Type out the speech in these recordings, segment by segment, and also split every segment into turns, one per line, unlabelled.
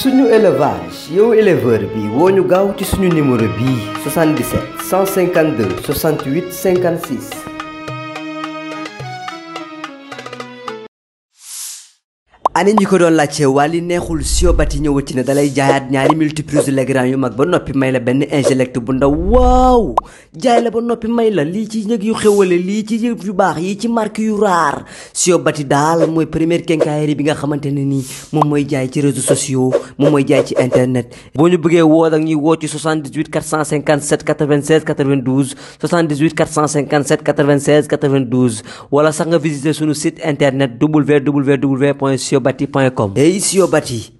suñu élevage yow éleveur bi woo ñu gaaw ci suñu numéro bii 77 152 68 56 ane ñi ko doon laajte wàlli neexul siobati ñëwati na dalay jaayaat ñaari multiprise Legrand yu mag ba noppi may la benn ingelect bu ndaw waaw jaay la ba noppi may la lii ci njëg yu xewale lii ci yëf yu baax yi ci marque yu raar siobati daal mooy première quincaillerie bi nga xamante ne nii moom mooy jaay ci réseaux sociaux moom mooy jaay ci internet boo ñu bëggee woo ak ñuy woo ci 78 457 96 92 78 457 96 92 wala sax nga visiter sunu site internet yobati point com. Eish yobati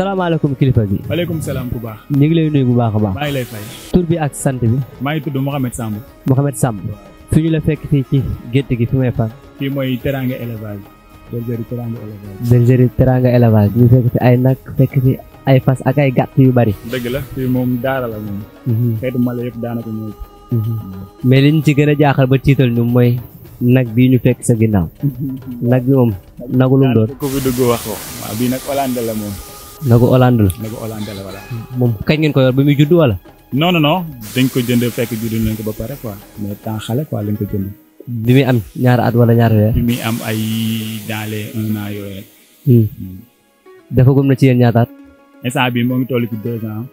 salaamaaleykum kilifa bi.
waaleykum salaam baax.
ñu ngi lay nuyu bu baax a baax. maa ngi lay fay. tur bi ak sant bi.
maa ngi tudd Mouhamed Samb.
Mouhamed Samb fi ñu la fekk fii ci gétt gi fi may fan.
fii mooy teranga élevage. bergerie teranga élevage. bergerie
teranga élevage ñu fekk fi ay nag fekk fi ay fas ak ay gàtt yu bari.
dëgg la fii moom daara la moom. Mhm. xeetu mhm.
mais liñ ci gën a jaaxal ba tiital ñu mooy nag bii ñu fekk sa ginnaaw. Mhm. nag bi moom nagu lu mu doon.
ko fi dugg wax ko. bii nag Hollande la moom.
nagu Hollande la.
nagu Hollande la voilà.
moom kañ ngeen ko yor ba muy judd wala.
non non non dañ ko jënd fekk ko ba pare quoi
mais temps xale quoi lañ ko jënd. bi muy am ñaari at wala ñaari weer. bi
muy am ay dans un an yooyu
hmm. dafa gëm na ci yéen ñaataat.
instant bi moo ngi toll ci deux ans.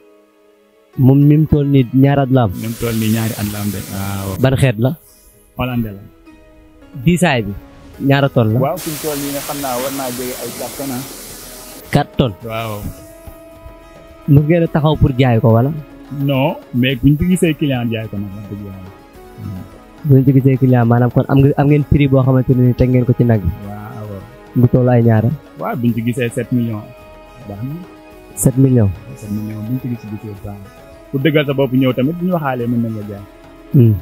moom ni mu toll nii ñaari at la am. ni mu toll nii ñaari xeet la. Hollande diisaay bi ñaara toll la. waaw
fi toll nii nga xam naa war naa jóge ay carton quatre tonnes. waaw.
mu ngeen taxaw pour jaay ko wala.
non mais buñ ci gisee client jaay ko nag
ci gisee client maanaam kon am ngeen am ngeen boo xamante ne nii teg ngeen ko ci nag. waaw bu ay ñaara.
waaw buñ ci gisee sept millions. baax na. sept millions. sept millions ci gisee baax pour dëggal sa bopp ñëw tamit bu ñu waxaalee mën na hmm.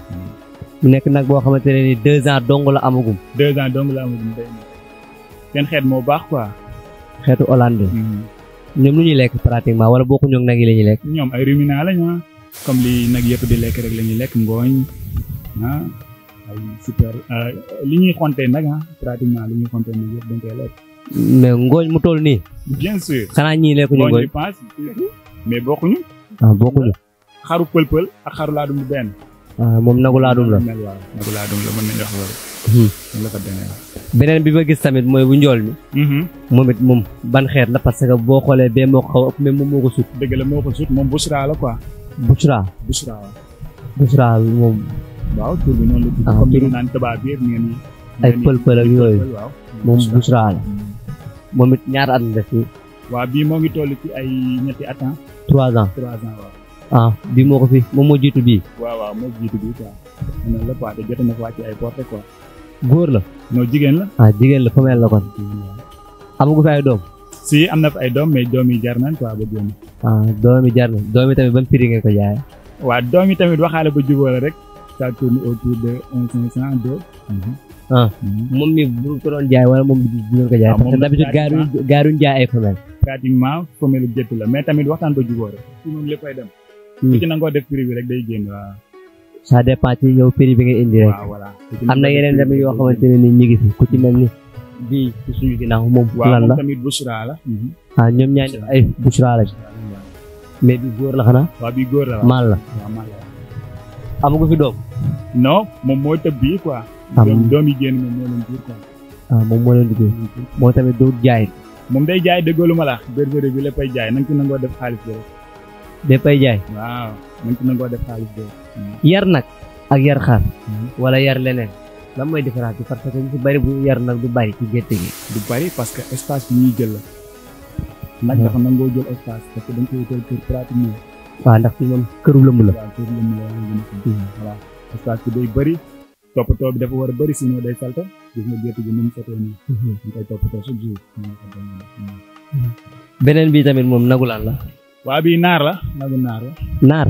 mu nekk nag boo xamante ne nii deux ans la amagum. deux ans la amagum day
xeet moo baax quoi.
xeetu hollandais. Mm-hmm. ñoom lu ñuy lekk pratiquement wala bokkuñu ak nag yi la lekk.
ñoom ay ruminants lañu ah. comme li nag yëpp di lekk rek la ñuy lekk ngooñ ah ay euh, li ñuy xontee nag ah pratiquement li ñuy mais ngooñ
mu toll nii. bien sûr xanaa ñii lekkuñu ngooñ
ngooñ mais bokkuñu. ah bokkuñu. xaru pël-pël ak xaru laadum du benn.
Ah, moom nagu la. nagu
laadum la hmm. la ko
beneen bi ma gis tamit mooy bu njool mi. Mm-hmm. moom it moom ban xeet la parce que boo xoolee bee moo ko xaw a moom moo ko sut. dëgg la moo ko sut moom Bouchra la quoi. Bouchra. Bouchra waaw. Bouchra moom.
waaw tur bi noonu
la. Ah, comme ñu naan
tabaab yëpp ngeen ay pël-pël ak yooyu. moom Bouchra
moom it ñaata at la def fii.
waaw bii moo ngi toll ci ay ñetti at ah. trois ans trois ans waaw.
ah bii moo ko fi moom moo jiitu bii.
waaw waaw moo jiitu bii quoi. noonu la quoi te ko wàcc ay porte
góor la. non jigéen la. ah jigéen la femelle la kon. amagu fi ay doom.
si am na fi ay doom mais doom yi jar nañ quoi ba génn. Ah, tamit ba jubóo la rek. ça tourne autour
ah, mhm. bu ko doon jaay wala moom du ko jaay. Ah, parce que d'habitude gaaruñ
la mais tamit waxtaan ba jubóo rek. su moom hmm. nangoo def prix rek day génn waaw.
ça dépend ci yow prix bi nga indi rek. am na yeneen tamit yoo xamante ne ni ñu ngi fi ku ci mel ni
bii ci suñu ginnaaw lan la tamit Bouchra la. Mhm. Ah, ñoom ñaar def ay
Bouchra lañ. mais bi góor la xanaa. waaw bi góor la maal la.
amagu fi doom. moom moo tëb bii quoi. am doom
ah, moom moo leen jur moo leen tamit du jaay.
moom day jaay déggoo lu ma la. berbere bi léppay jaay na ko ci nangoo def xaalis bi rek.
léppay jaay. yar nag ak yar xar mm-hmm. wala yar leneen la mooy différence bi parce que ñu si bëri bu yar nag du bëri ci gerte gi. du bari parce que espace bi ñuy jël la. ndax dafa nangoo jël espace parce que dañ koy jël kër ndax fii moom la. waaw këru lëmb la
mm-hmm. voilà espace bi day bëri toppatoo bi dafa war a bëri sinon day salte gis nga gerte gi ni mu nii. Mm-hmm. ñu koy toppatoo
beneen bi tamit moom nagu laan la.
waa bii naar la nagu naar la.
naar.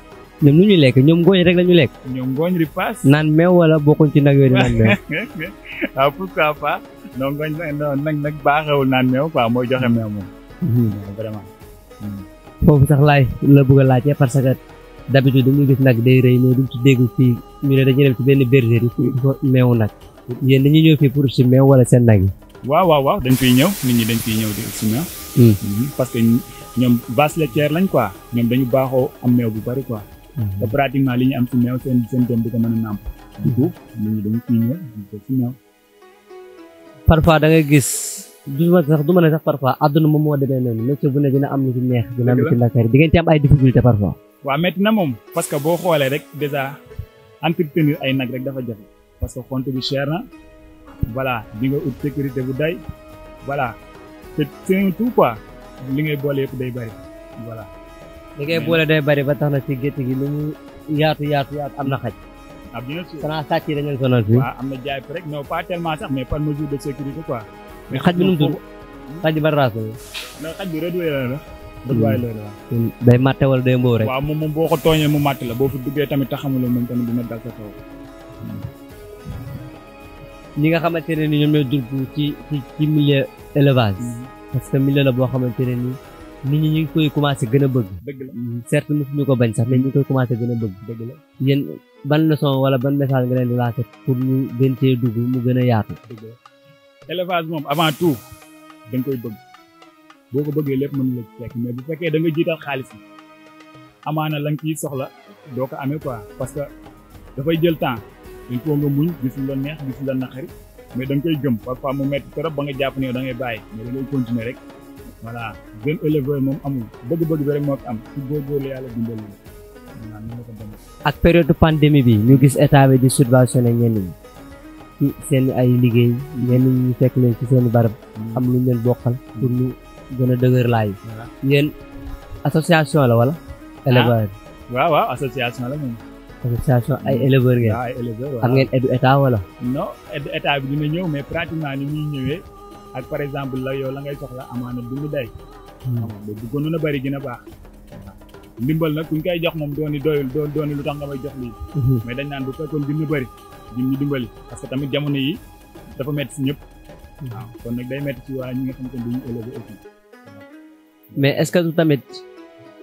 ñoom lu ñuy lekk ñoom ngooñ rek la ñuy lekk.
ñoom ngooñ ripaas. naan
meew wala bokkuñ ci nag yooyu naan meew.
waaw ah, pourquoi pas non ngooñ nag nag baaxewul naan meew quoi mooy joxe meew moom. Mhm. vraiment. Hmm.
foofu sax laay la bëgg a laajte parce que d'habitude dañuy gis nag day rëy mais duñ ci dégg fii ñu ne dañuy dem benn bergerie yi pour meewu nag dañuy ñëw pour si meew wala seen nag yi.
waaw waaw dañ fiy ñëw nit ñi ñëw hmm. Hmm, parce que ñoom vache laitière lañ quoi ñoom dañu baaxoo am meew bu bari quoi. te pratiquement li ñu am si meew seen seen doom di ko mën a nàmp. du ko nit ñi dañu ciy ñëw
ngay gis du ma sax du ma ne sax parfois àdduna moom moo demee noonu métier bu ne dina am lu ci neex dina am lu ci nakari di ngeen am ay difficulté parfois.
waaw métti na moom parce que boo xoolee rek déjà entretenir ay nag rek dafa jafe parce que xont bi cher na voilà bi nga ut sécurité bu day
voilà te c'est tout quoi li ngay boole yëpp day bari li ngay boole day bari ba tax na ci gerte gi lu mu yaatu yaatu yaatu am na xaj.
ah bien sûr xanaa
sàcc yi dañ leen sonal fii. waaw
am na jaay rek non pas tellement sax mais par mesure de
mais xaj bi nu mu tudd hmm? xaj bi ban raas la.
non xaj bi réduire la la. réduire la la
hmm. waaw. day màtte rek.
boo ko tooñee mu màtt la boo fi duggee tamit te xamuloo moom tamit dina dal sa kaw. ni
hmm. nga xamante ne ni ñoom ñoo dugg ci ci ci milieu élevage. parce que la boo xamante ne nii. nit ñi ñu ngi koy commencé gën a bëgg. dëgg la mm, certes mosuñu ko bañ sax mais ñu koy commencé gën a bëgg. dëgg la yéen ban leçon wala ban message nga leen laa laajte pour ñu gën cee dugg mu gën a yaatu.
dëgg la élevage moom avant tout da koy bëgg boo ko bëggee lépp mën la fekk mais bu fekkee da nga jiital xaalis bi amaana la nga ciy soxla doo ko amee quoi parce que dafay jël temps dañ koo nga muñ gisul la neex gisul la naqari mais da nga koy gëm parfois mu metti trop ba nga jàpp ne da ngay bàyyi mais da ngay continuer rek. voilà jeune éleveur moom moo am su góorgóorlu yàlla dimbali
ak période pandémie bi ñu gis état bi di subventionné ñenn ñi ci seen ay liggéey ñenn ñu fekk leen ci seen barab am lu ñu leen bokkal pour ñu gën a dëgër laay yéen association la wala ah. éleveur
waaw waaw association la
ay éleveur ngeen ah, am ngeen aide état wala
non aide bi dina ñëw mais pratiquement ni muy ñëwee ak par exemple la yow la ngay soxla amaana hmm. du ñu day bu bëggoon na bëri dina baax ndimbal nag kuñ koy jox moom dooni doyul doo dooni lu tax nga may jox lii hmm. mais dañ naan bu fekkoon dina bëri ñun ñu dimbali parce que tamit jamono yi dafa metti si ñëpp hmm. waaw kon nag day metti ci waa ñi
mais est-ce tamit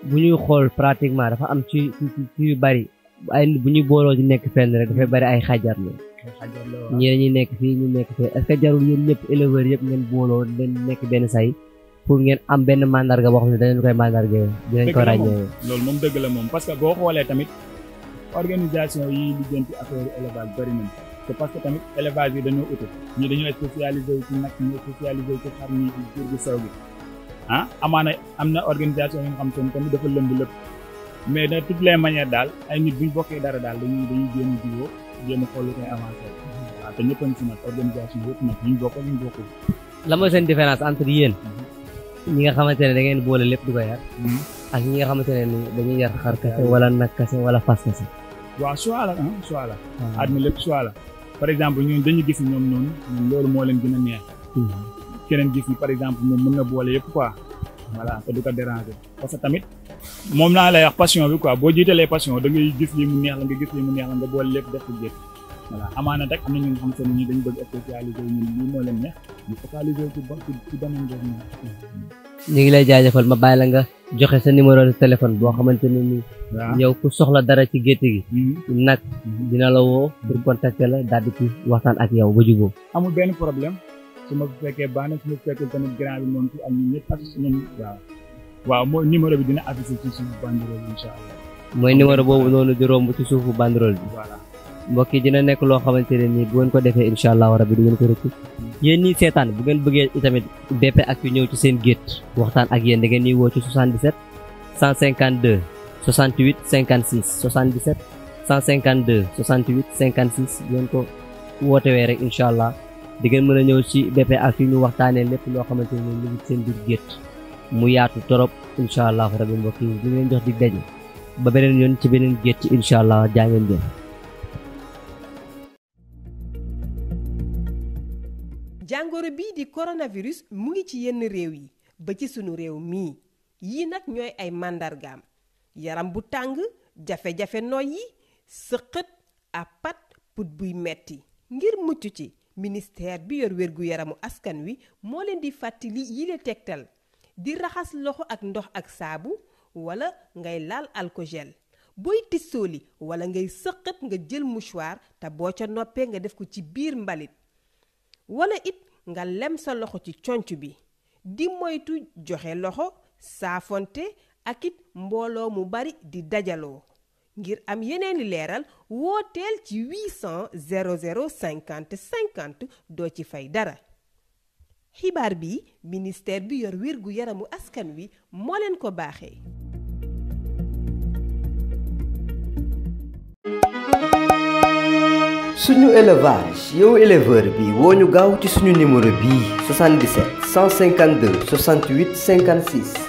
bu ñuy xool pratiquement dafa am ci ci ci yu bëri ay bu ñuy booloo ci nekk fenn rek dafay bari ay xajar la ñii ñi nekk fii ñu nekk fii est-ce que jarul yéen ñëpp éleveurs yëpp ngeen booloo leen nekk benn say pour ngeen am mandarga boo xam ne danañ koy mandarga ko ràññee loolu
moom dëgg la moom parce que boo xoolee tamit organisation yi lijjanti affaire élevage bari nañ te parce que tamit élevage yi dañoo ute ñii dañoo spécialisé wu ci nag ñoo spécialisé wu ci xar ñii ci jur gi sew gi ah amaana am na organisation yi nga xam te ne tamit dafa lëmb lépp mais de toutes les manières daal ay nit bu bokkee dara daal dañuy dañuy jéem a jiwoo jéem a xool lu koy avancé waaw te ñëpp a nag organisation yëpp nag ñu bokk ñu bokkul.
la mooy seen différence entre yéen mhm. ñi nga xamante ne da ngeen boole lépp du ko yar mhm. ak ñi nga xamante ne ni dañuy yar xar kese wala nag kese wala fas kese
waaw choix la ah choix lépp choix par exemple ñun dañu gis ñoom noonu loolu moo leen gën a neex mhm. keneen gis ni par exemple moom mën na boole yëpp quoi voilà te du ko déranger parce moom naa lay wax passion bi quoi boo jiitalee passion da gis li mu neex la nga gis li mu neex la nga boole lépp def ko géej voilà ñu lii moo leen neex ñu
ngi lay jaajëfal ma bàyyi la nga joxe sa numéro de téléphone boo xamante ne ni yow ku soxla dara ci gétt gi hmm. nag hmm. dina la woo pour hmm. contacter la daal di ci waxtaan ak yow ba jubóo
amul benn problème su ma fekkee baax waaw mooy numéro bi dina affiché ci suufu
mooy numéro boobu noonu di romb ci suufu banderole bi. voilà mbokk yi dina nekk loo xamante ne nii bu ngeen ko defee incha allah bi du ngeen ko rëcc. yéen ñii seetaan bu ngeen bëggee itamit BP Actu ñëw ci seen gét waxtaan ak yéen da ngeen ñuy woo ci 77 152 68 56 77 152 68 56 ngeen ko wootewee rek incha allah di ngeen mën a ñëw ci BP Actu ñu waxtaanee lépp loo xamante ne nii mu ngi seen biir gétt. mu yaatu torop allah rabi jox di daje ba beneen yoon ci beneen gétt incha allah jaa ngeen jëf jàngoro bii di coronavirus mu ngi ci yenn réew yi ba ci sunu réew mii yii nag ñooy ay màndargaam yaram bu tàng jafe-jafe noyyi sëqët ab pat put buy metti ngir mucc ci ministère bi yor wér gu yaramu askan wi moo leen di fàttali yile tegtal di raxas loxo ak ndox ak saabu wala ngay laal alkogel booy tissooli wala ngay sëqat nga jël mouchoir te boo ca noppee nga def ko ci biir mbalit wala it nga lem sa loxo ci conc bi di moytu joxe loxo saafonte ak it mbooloo mu bari di dajaloo ngir am yeneeni leeral wooteel ci 800 00 50 50 doo ci fay dara xibaar bii ministère bi yor wirgu yaramu askan wi moo leen ko baaxee. suñu élevage yow éleveur bi woo ñu gaaw ci suñu numéro bii 77 152 68 56.